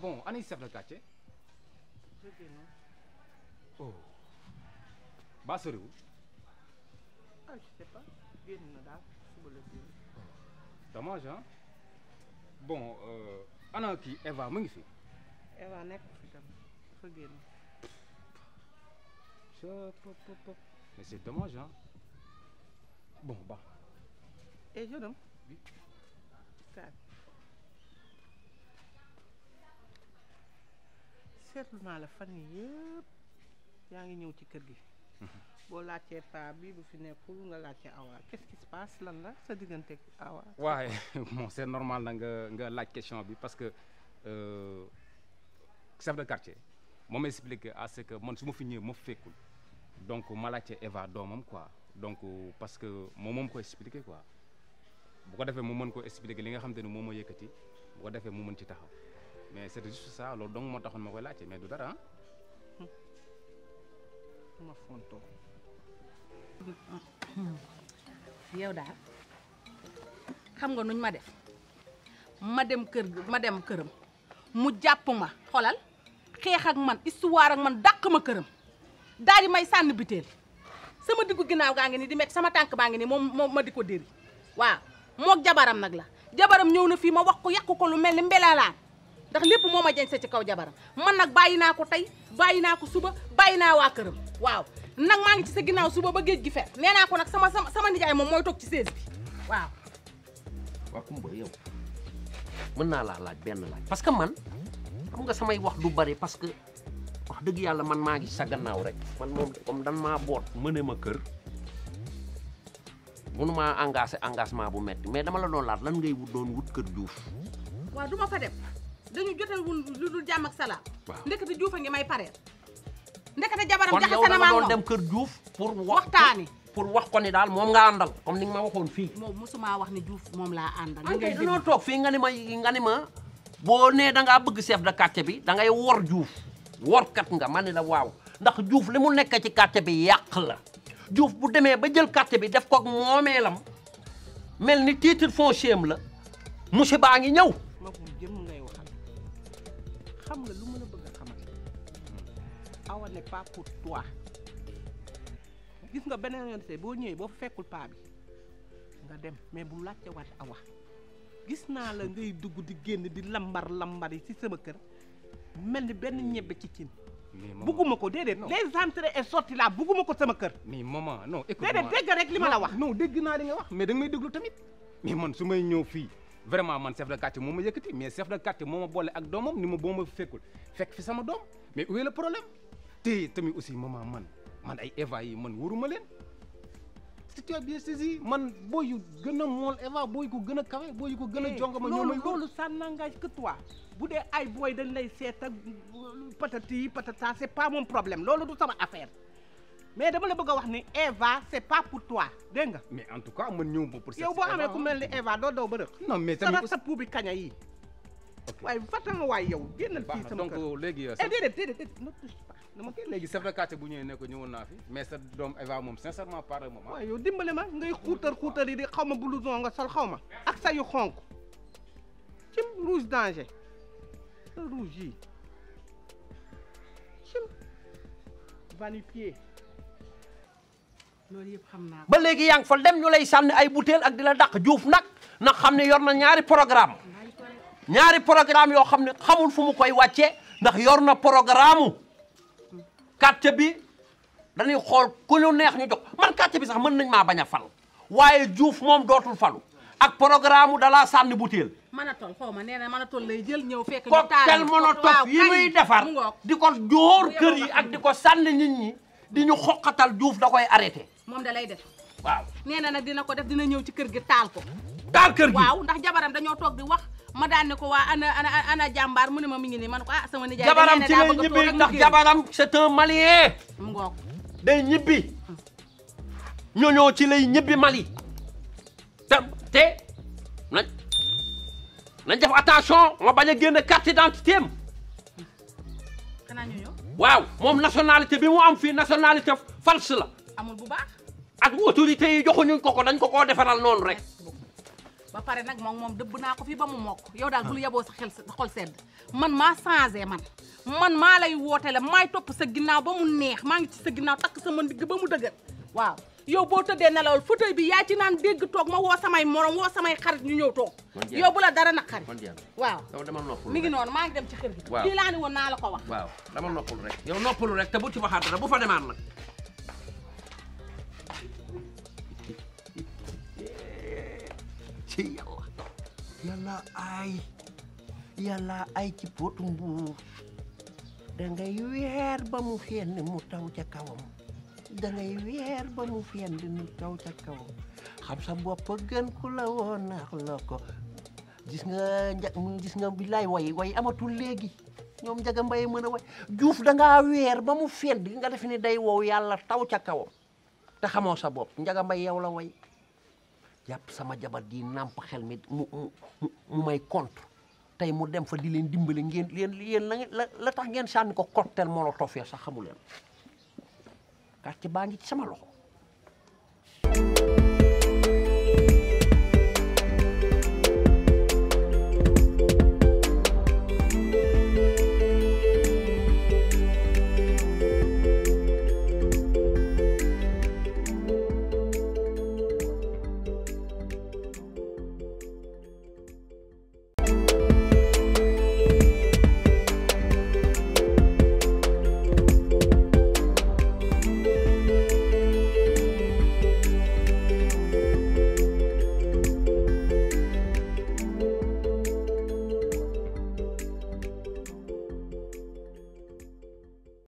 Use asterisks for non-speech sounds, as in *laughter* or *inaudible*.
bon ana chef de quartier. jógee na. oh. baa soriwul. ah je sais pas génn na daal suba la génn. Oh. dommage ah. bon euh, ana kii Eva mu ngi fi. Eva nekk fi tam dafa génn. je pop pop pop. mais bon baax. et je seetlu naa la fan yi yëpp yaa ngi ñëw ci kër gi mhm. boo laajtee paa bi bu fi nekkul nga laajtee Awa lan la sa diggante waaye *laughs* bon c'est normal na nga nga laaj question bi parce que euh, chef de quartier moom expliqué à ce que man su ma fi ñëwee ma fekkul donc ma laajtee Eva doomam quoi donc parce que moom moom ko expliqué quoi bu ko defee mu mën ko expliqué li nga xam te ne moom moo yëkkati bu ko defee mu mën ci taxaw mais c'était juste ça loolu donc moo taxoon ma koy laajte mais du dara ah. yow daal xam nga nuñ ma def ma dem kër ma dem këram mu jàpp ma xolal xeex ak man histoire ak man daq ma këram daal di may sànni biteel sama diggu ginnaaw gaa ngi nii di metti sama tànk baa ngi nii moom moom ma di ko déri waaw moog jabaram nag la jabaram ñëw na fii ma wax ko yàqu ko lu mel ni mbelalaan ndax lépp moo ma jañse ci kaw jabaram man nag bàyyi naa ko tey bàyyi naa ko suba bàyyi naa waa këram waaw nag maa ngi ci sa ginnaaw suba ba géej gi fer nee naa ko nag sama sama nijaay moom mooy toog ci sées bi waaw naa laa laaj benn laaj parce que man xam nga samay wax du bari parce que wax dëgg yàlla man maa ngi sa gannaaw rek man moom comme maa boot mëne ma kër mënu maa engagé engagement bu metti mais dama la doon laat lan ngay wut doon wut kër juuf waaw dañu jotewul lu dul jàmm ak salaam. waaw ndekete juuf a ngi may pareel. ndekete jabaram jaxase na maa ngoon kon yow dem kër Diouf. pour waxtaani pour wax ko ni daal moom nga àndal comme ni nga ma waxoon fii. moom mosuma wax ne Diouf moom laa àndal. da ngay danoo toog fii nga ni ma nga ni ma boo nee da ngaa bëgg chef de quartier bi da ngay wor Diouf workat nga ma ne la waaw ndax juuf li mu nekk ci quartier bi yàq la. juuf bu demee ba jël quartier bi def koog lam mel ni titre foncier la monsieur baa ngi ñëw. awa n'est pas gis nga beneen yoon see boo ñëwee boo fa fekkul paa bi nga dem mais bu laajte waat awa gis naa la ngay dugg di génn di lambar lambar yi ci sama kër mel ni benn ñebbe ci cin bugguma ko déedéet les entrées et sorties là ko sama kër mais maman non écoute déedéet dégg rek li ma la wax non dégg naa li nga wax mais da nga may déglu tamit mais man su may ñëw fii vraiment man chef de moom moo ma yëkkati mais chef de quartier moo ma boole ak doomam ni ma boo ma fekkul fekk fi sama doom mais où est problème te tamit aussi maman man man ay Eva yi man waruma leen si tu as bien saisi man boo yu gën a mool Eva booy ko gën a kawe booy ko gën a eh, jongama ñoo may loolu ça n'engage que toi bu dee ay booy dañ lay seet ak patati patata c'est pas mon problème loolu du sama affaire mais dama la bëgg wax ni Eva c'est pas pour toi dégg nga. mais en tout cas man ñëw ma pour. yow boo amee ku mel ni Eva doo daw ba non mais tamit sa puubi kaña yi. waaye fatama waay yow génnal fii sama kër donc léegi eh, déedéet déedéet dama léegi chef bu ñëwee ne ñëwoon naa fi mais sa doom Eva moom sincèrement par moment waaw yow dimbale ma ngay xuutar xuutar yi di xaw ma blouson nga sol xaw ma ak sa yu xonk cim rouge danger yi cim vanifié loolu xam naa ba léegi yaa fo dem ñu lay sànni ay butéel ak di la dàq juuf nag na xam ni yor na ñaari programme ñaari programme yoo xam ne xamul fu mu koy wàcce ndax yor na programme quartier bi dañuy xool ku ñu neex ñu jox man quartier bi sax mën nañ maa bañ a fal waaye juuf moom dootul falu ak programme dala sànni butéel manatol xaw ma nee na manatol lay jël ñëw fekk ñu cocktail molotov yi muy defar di ko jóor kër yi ak di ko sànni nit ñi di ñu xoqatal Diouf da koy arrêté moom da lay def waaw nee na nag dina ko def dina ñëw ci kër gi taal ko kër gi ndax jabaram dañoo toog di wax ma daan ne ko waa ana ana ana jàmbaar mu ne ma mi ngi nii man ko ah sama nijaay. jabaram ci lay ñibbi ndax jabaram c'est un malien. mu ngoog day ci lay ñibbi Mali. te te nañ nañ def ba ma a génne carte d'identité am. waaw moom nationalité bi mu am fii nationalité false la. amul bu baax. ak autorité yi joxuñu ko ko dañ ko koo defaral noonu rek. ba pare nag moom moom dëbb naa ko fi ba mu mokk yow daal bul yeboo boo xel sa xol sedd man maa changé man man maa lay wootele maay topp sa ginnaaw ba mu neex maa ngi ci sa ginnaaw takk sa sama ndigg ba mu dëgër waaw yow boo tëddee nelawal fauteuil bi yaa ci naan dégg toog ma woo samay morom woo samay xarit ñu ñëw toog yow bu la dara naqari waaw mi ngi noonu maa ngi dem ci xër gi lii laa ni woon naa la ko wax waaw dama noppalu rek yow noppalu rek te bu ci waxaat dara bu fa demaan nag ci yàlla yàlla ay ay ci potu mbuur da weer ba mu fenn mu taw ca kawam da ngay weer ba mu fenn mu taw ca kawam xam sa bopp gën ku la woon naax la ko gis nga nja gis nga billaay way way amatul léegi ñoom njaga mbay mën a way juuf da ngaa weer ba mu fenn nga def ni day wow yàlla taw ca kawam te xamoo sa bopp njaga mbay yow la way yàpp sama jabar di nàmp xel mi mu mu may contre tey mu dem fa di leen dimbale ngeen yéen yéen la la tax ngeen sànni ko cocktail molotov ya sax xamu leen quartier baa ngi ci sama loxo